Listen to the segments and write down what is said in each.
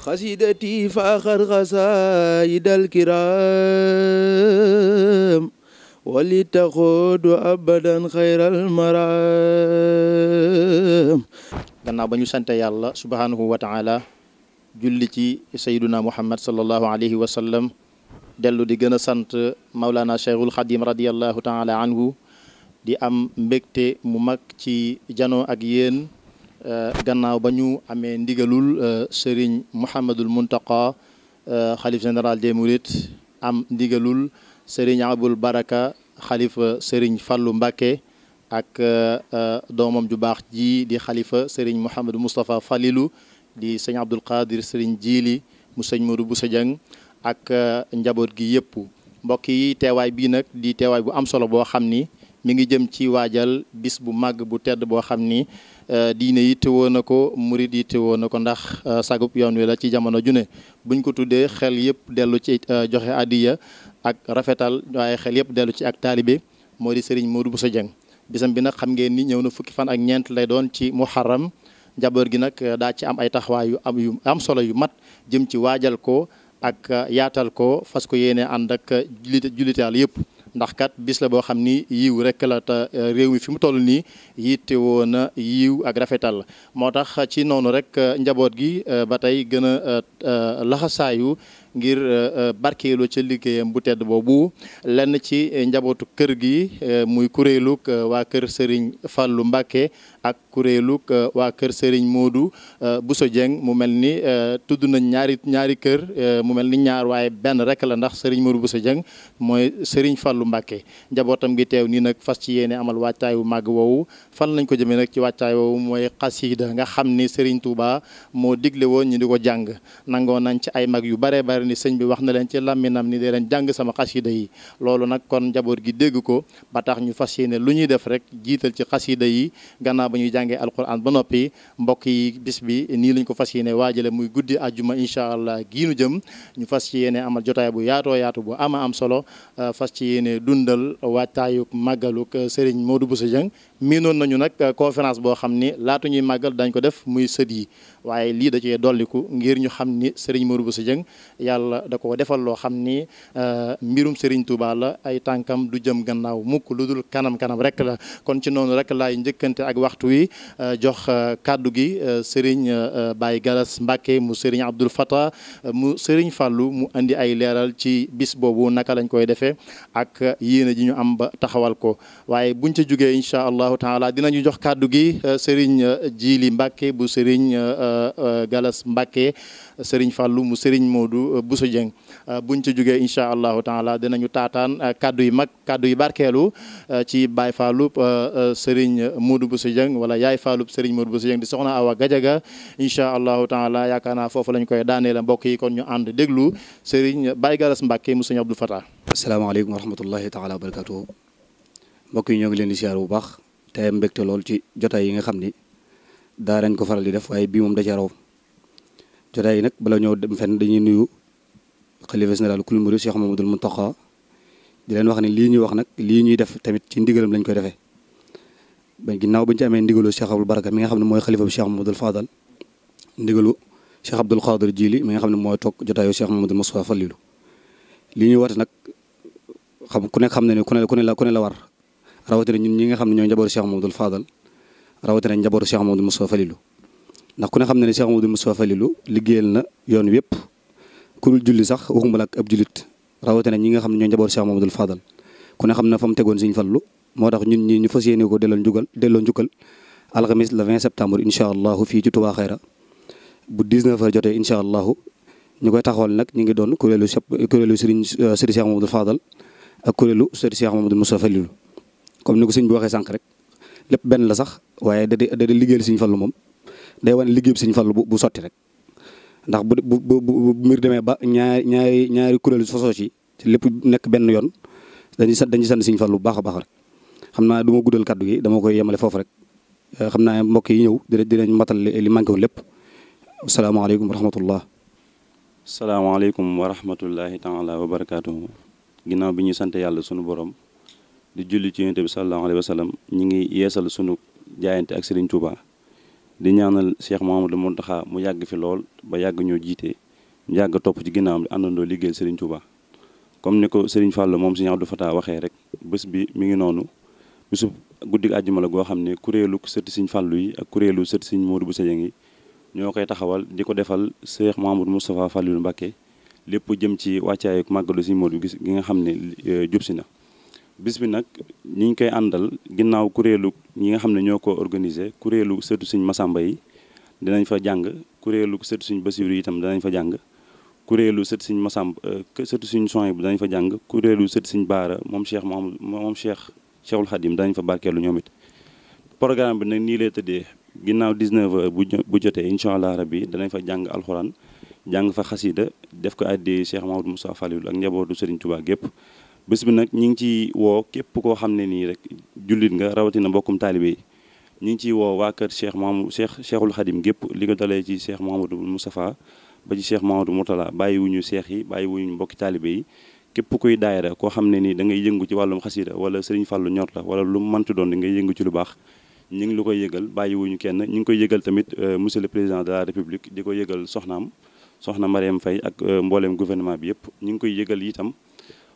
xasiidati faaxar xasaayid alkiraam wali taxoodu abadan xayral maraam gannaaw ba ñu sante yàlla subhaanahu wa taala julli ci sayduna muhammad sallallahu alayhi wa dellu di gën a sant maulana cheikhul xadim radiallahu taala anhu di am mbégte mu mag ci janoo ak yéen Euh, gannaaw ba ñu amee ndigalul euh, Serigne Mouhamadul Mountakha euh, xalif général des Mourides am ndigalul Serigne Abul Baraka xalifa Serigne Fallou Mbacké ak doomam ju baax ji di xalifa Serigne Mouhamadou Moustapha Falilou di sëñ Abdul Qadir Serigne Jili mu sëñ Modou Bousso Dieng ak njaboot gi yëpp mbokk yi teewaay bii nag di teewaay bu am solo boo xam ni mu ngi jëm ci waajal bis bu màgg bu tedd boo xam ni. Eh, diine yi teewoo na ko murid yi teewoo na ko ndax eh, sagub yoon wi la ci jamono ju ne buñ ko tuddee xel yëpp dellu ci eh, joxe addiya ak rafetal waaye xel yëpp dellu ci ak taalibe moo di Serigne Modou Bousso Dieng bisam bi nag xam ngeen ni ñëw na fukki fan ak ñeent lay doon ci muharram njaboot gi nag daa ci am ay taxawaay yu am yu am solo yu mat jëm ci waajal ko ak yaatal ko fas ko yéene ànd ak jullit jullitaal yëpp ndax kat bis la boo xam ni yiw rek la te euh, réew mi fi mu toll nii yitte woo na yiw ak rafetal la moo tax ci noonu rek euh, njaboot gi euh, ba tey gën a laxasaayu ngir euh, euh, barkeelu ca liggéeyam bu tedd boobu lenn ci njabootu kër gi euh, muy kuréelug waa kër sëriñ fallu Mbacké ak kuréelug waa kër Serigne bu sa Dieng mu mel ni tudd nañ ñaari ñaari kër mu mel ni ñaar waaye benn rek la ndax Serigne bu Bousso Dieng mooy Serigne Fallou Mbacké njabootam gi teew nii nag fas ci yéene amal waajtaay wu màgg woowu fan lañ ko jëmee nag ci waajtaay woowu mooy xasida nga xam ni Serigne Touba moo digle woon ñu di ko jàng nangoo ci ay mag yu bare leer ni sëñ bi wax na leen ci làmminam ni de leen jàng sama xasida yi loolu nag kon njaboot gi dégg ko ba tax ñu fas yéene lu ñuy def rek jiital ci xasida yi gannaaw ba ñuy jàngee alquran ba noppi mbokk yi bis bi nii lañ ko fas yéene waajale muy guddi àjjuma incha allah giinu jëm ñu fas ci yéene amal jotaay bu yaatoo yaatu bu ama am solo euh, fas ci yéene dundal waajtaayuk màggaluk euh, sëriñ Modou Bousso Dieng miinoon nañu nag euh, conférence boo xam ni laatu ñuy màggal dañ ko def muy sët waaye lii da cee dolliku ngir ñu xam ni Serigne Modou Bousso Dieng yàlla da ko defal loo xam ni euh, mbirum Serigne Touba la ay tànkam du jëm gannaaw mukk lu dul kanam kanam rek la kon ci noonu rek laay njëkkante ak waxtu wi euh, jox euh, kàddu gi Serigne Baye Galas Mbacke mu Serigne Abdoul Fattah mu Serigne Fallou mu indi ay leeral ci bis boobu naka lañ koy defee ak yéene ji ñu am ba taxawal ko waaye buñ ca jugee incha allahu taala dinañu jox kàddu gi Serigne Jili Mbacke bu Serigne. Euh, euh, Galas Mbacke sëriñ Fallou mu Serigne Modou euh, Bousso buñ ci jógee incha allahu taala ñu taataan kaddu yu mag kàddu yu barkeelu ci Baye Fallou Serigne Modou bu Dieng wala Yaay Fallou Serigne Modou bu Dieng di soxna Awa Gajaga incha allahu taala yaakaar naa foofu lañ koy daanee la mbokk yi kon ñu ànd déglu Serigne Baye Galas Mbacke mu Serigne Abdou Fatah. asalaamaaleykum wa rahmatullahi taala wa barakatuh yi ñoo ngi leen di siyaar bu baax te mbégte lool ci yi nga xam ni. daa dañ ko faral di def waaye bii moom da ca raw jotaay yi nag bala ñëw dem fenn dañuy nuyu xalifa général kul murid Cheikh Mamadou Mountakha di leen wax ne lii ñuy wax nag lii ñuy def tamit ci ndigalam lañ koy defee ba ginnaaw bañ ci amee ndigalu Cheikh Abdou mi nga xam ne mooy xalifa bu Cheikh Mamadou Fadal ndigalu Cheikh Abdoul Khadir Jili mi nga xam ne mooy toog jotaayu Cheikh Mamadou Moustapha Fallilu lii ñuy woote nag xam ku nekk xam na ne ku ne ku ne la ku ne la war rawatina ñun ñi nga xam ne ñooy njabootu Cheikh Mamadou Fadal rawatina njabootu Cheikh Amadou Moustapha Falilou ndax ku ne xam ne ne Cheikh Amadou Moustapha Falilou liggéeyal na yoon wépp ku dul julli sax waxuma la ak ab jullit rawatina ñi nga xam ne ñoo njabootu Cheikh Mamadou Fadal ku ne xam na fa mu tegoon Sëriñ Fallu moo tax ñun ñi ñu fas yéene ko delloo njugal delloo njukkal alxamis le 20 septembre incha allahu fii ci Touba Xayra bu 19h jotee incha allahu ñu koy taxawal nag ñu ngi doon kuréelu kuréelu Serigne Serigne Cheikh Mamadou Fadal ak kuréelu Serigne Cheikh Mamadou Moustapha Falilou comme ni ko sëñ bi waxee sànq rek lépp benn la sax waaye da di da di liggéeyal Sëriñ Fallu moom day wane liggéey Sëriñ Fallu bu bu sotti rek ndax bu bu bu mbir demee ba ñaari ñaari ñaari kuréel sosoo ci lépp nekk benn yoon dañ sant dañuy sant Sëriñ Fallu bu baax a baax rek xam naa du ma guddal kàddu gi dama koy yemale foofu rek euh, xam naa mbokk yi ñëw dinañ dinañ matal li manqué woon lépp salaamaaleykum wa rahmatullah. salaamaaleykum wa rahmatullahi taala wa barakaatuhu ginnaaw bi ñu sant yàlla sunu borom. di julli ci yonent bi sallallahu alayhi ñi ngi yeesal sunu jaayante ak Serigne Touba di ñaanal Cheikh Mouhamadou Mountakha mu yàgg fi lool ba yàgg ñoo jiite mu yàgg topp ci ginnaawam di àndandoo liggéeyal Serigne Touba comme ni ko Serigne Fallou moom Serigne Abdou Fatah waxee rek bés bi mi ngi noonu bésub guddi àjjuma la goo xam ne kuréelu sëti Serigne Fallou yi ak kuréelu sëti siñ Modou bu Dieng yi ñoo koy taxawal di ko defal Cheikh Mouhamadou Moustapha Fallou Mbacké lépp jëm ci wàccaayu màggalu Serigne Modou gis gi nga xam ne eh, jub si na bis bi nag ñi ñu koy àndal ginnaaw kuréelu ñi nga xam ne ñoo ko organisé kuréelu sëtu suñ Masamba yi dinañ fa jàng kuréelu sëtu suñ Basiru itam danañ fa jàng kuréelu sëtu suñ Masamba euh, sëtu suñ Soñ bu danañ fa jàng kuréelu sëtu suñ Baara moom Cheikh moom moom Cheikh Cheikhul Khadim danañ fa barkeelu ñoom it. programme bi nag nii lay tëddee ginnaaw 19 bu bu jotee incha allah rabi danañ fa jàng alxuraan jàng fa xasida def ko àddee Cheikh Maodo Moussa Falilou ak njabootu Serigne Touba gépp bés bi nag ñi ngi ci woo képp koo xam ne nii rek jullit nga rawatina mbokkum taalibe yi ñi ngi ciy woo waa kër cheikh Mahamadou cheikh cheikhul xadim gépp li ko dalee ci cheikh Mahamadou Moustapha ba ci cheikh Mahamadou Mourtala bàyyiwu ñu cheikh yi bàyyi wuñu mbokki taalibe yi képp kuy daayira koo xam ne nii da ngay yëngu ci wàllum xasida wala sëriñ fàllu ñor la wala lu mantu doon di ngay yëngu ci lu baax ñi ngi lu koy yëgal bàyyi wuñu kenn ñi ngi koy yëgal tamit euh, monsieur le président de la di ko yëgal soxnaam soxna Mariam Faye ak euh, mbooleem gouvernement bi yëpp ñi ngi koy yëgal itam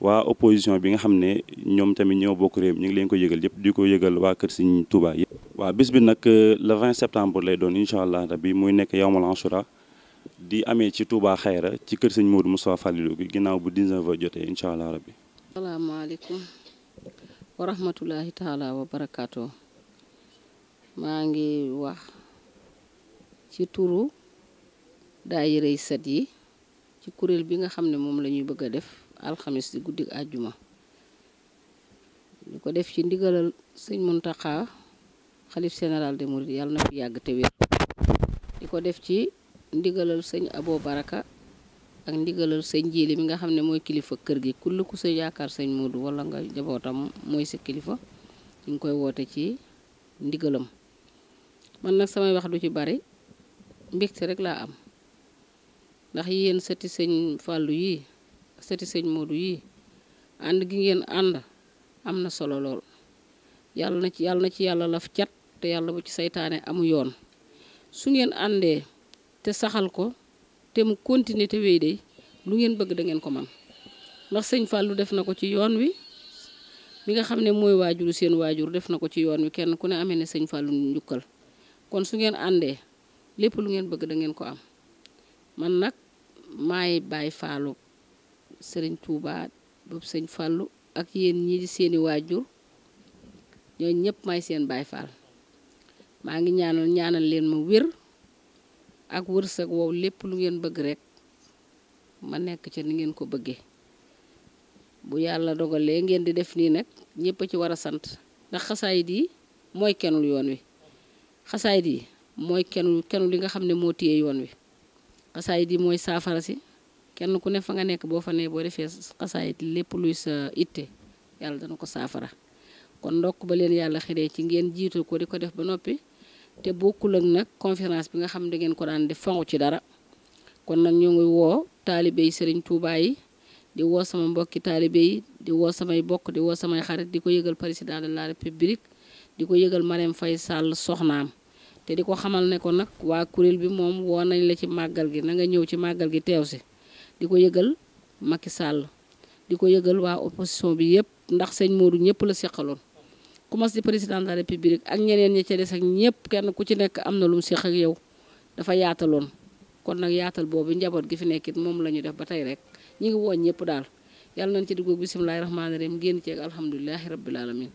waa opposition bi nga xam ne ñoom tamit ñoo bokk réew ñu ngi leen ko yëgal yëpp di ko yëgal waa Kër Sëriñ Tuubaa yëpp. waaw bis bi nag euh, le 20 septembre lay doon incha allah rabi muy nekk yawmal Ashura di amee ci Touba Xayra ci Kër Sëriñ Modou Moustapha Fallilou gi ginnaaw bu 19 jotee incha allah rabi. salaamaaleykum wa rahmatulahi taala maa ngi wax ci turu yi ci kuréel bi nga xam ne moom la ñuy bëgg a def. alxamis di guddi àjjuma ñu ko def ci ndigalal sëñ Muntaxa xalif général de Mouride yàlla na fi yàgg te wér di ko def ci ndigalal sëñ Abo Baraka ak ndigalal sëñ Jiili mi nga xam ne mooy kilifa kër gi kull ku sa yaakaar sëñ Moodu wala nga jabootam mooy sa kilifa ñu ngi koy woote ci ndigalam man nag samay wax du ci bari mbégte rek laa am ndax yéen sëti sëñ Fàllu yii sëti sëñ Modou yii ànd gi ngeen ànd am na solo lool yàlla na ci yàlla na ci yàlla laf cat te yàlla bu ci seytaane amu yoon su ngeen àndee te saxal ko te mu continuer te wéy de lu ngeen bëgg dangeen ko man ndax sëñ Fallou def na ko ci yoon wi mi nga xam ne mooy waajuru seen waajur def na ko ci yoon wi kenn ku ne amee ne sëñ Fallou njukkal kon su ngeen àndee lépp lu ngeen bëgg dangeen ko am man nag maay bàyyi Fallou sëriñ Touba boobu sëñ Fallou ak yéen ñii di seeni waajur ñoo ñëpp may seen Baay Fall maa ngi ñaanal ñaanal leen ma wér ak wërsëg wow lépp lu ngeen bëgg rekk ma nekk ca ni ngeen ko bëggee bu yàlla dogalee ngeen di def nii nag ñëpp a ci war a sant ndax xasaayid yi mooy kenul yoon wi xasaayid yi mooy kenul kenul li nga xam ne moo téye yoon wi xasaayid yi mooy saafara si kenn ku ne fa nga nekk boo fa ne boo defee xasaayit lépp luy sa itte yàlla dana ko saafara kon ndokk ba leen yàlla xiree ci ngeen jiitu ko di ko def ba noppi te bokkul ak nag conférence bi nga xam ne ngeen ko daan def fangu ci dara kon nag ñu ngi woo taalibe yi Serigne Touba yi di woo sama mbokki taalibe yi di woo samay bokk di woo samay xarit di ko yëgal parisident de la république di ko yëgal Marème fay sàll soxnaam te di ko xamal ne ko nag waa kuréel bi moom woo nañ la ci màggal gi na nga ñëw ci màggal gi teew si di ko yëgal Macky sàll di ko yëgal waa opposition bi yëpp ndax sëñ moodu ñëpp la seqaloon commence di président de la ak ñeneen ñi ca des ak ñëpp kenn ku ci nekk am na lu mu seq ak yow dafa yaataloon kon nag yaatal boobu njaboot gi fi nekkit moom la ñu def ba tey rek ñi ngi woon ñëpp daal yàlla nañ ci dugg bisimilahi rahmaani rahim génn ceeg alhamdulilahi rabil alamin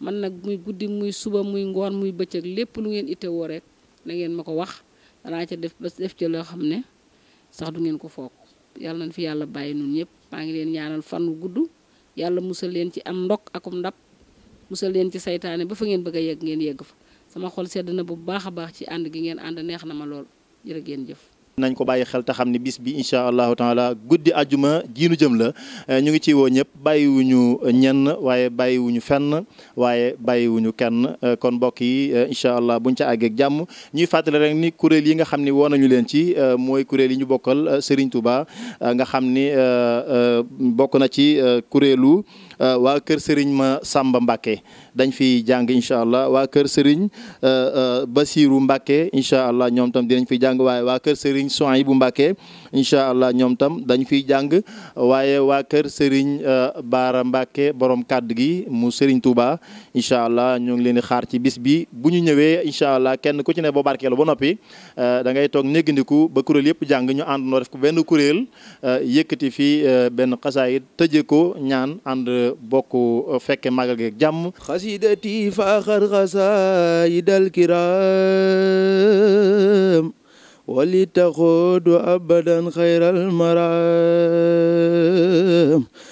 man nag muy guddi muy suba muy ngoon muy bëccëg lépp lu ngeen itte rek na ngeen ma ko wax danaa ca def ba def ci loo xam ne sax du ngeen ko foog yàlla nañ fi yàlla bàyyi nun ñëpp maa ngi leen ñaanal fan wu gudd yàlla musal leen ci am ndok akum ndab musal leen ci saytaane ba fa ngeen bëgg a yegg ngeen yegg fa sama xol sedd na bu baax a baax ci ànd gi ngeen ànd neex na ma lool jërë ngeen jëf nañ ko bàyyi xel te xam ne bis bi incha allahu taala guddi ajuma jiinu jëm la eh, ñu ngi ciy woo ñëpp bàyyiwuñu ñenn waaye bàyyiwuñu fenn waaye bàyyiwuñu kenn eh, kon mbokk yi eh, incha allah buñ ca àggeeg jàmm ñuy fàttali rek ni kuréel yi nga xam ni woo nañu leen ci mooy kuréel yi ñu bokkal Serigne Touba nga xam ni bokk na ci kuréelu waa kër sëriñ ma Samba Mbacke dañ fi jàng incha allah waa kër Serigne euh, euh, basiiru Mbacke incha allah ñoom tam dinañ fi jàng waaye waa kër Serigne Souhaïbou Mbacke incha allah ñoom tam dañ fiy jàng waaye waa kër Serigne euh, Baara Mbacke borom kàddu gi mu Serigne Touba incha allah ñoo ngi leen di xaar ci bis bi bu ñu ñëwee incha allah kenn ku ci ne boo barkeelu ba noppi da ngay toog néggandiku ba kuréel yëpp jàng ñu àndandoo ko benn kuréel yëkkati fi benn xasaayit tëje ko ñaan ànd bokk fekke magal geeg jàmm. قصيدتي فأخر قصائد الكرام ولتقود أبدا خير المرام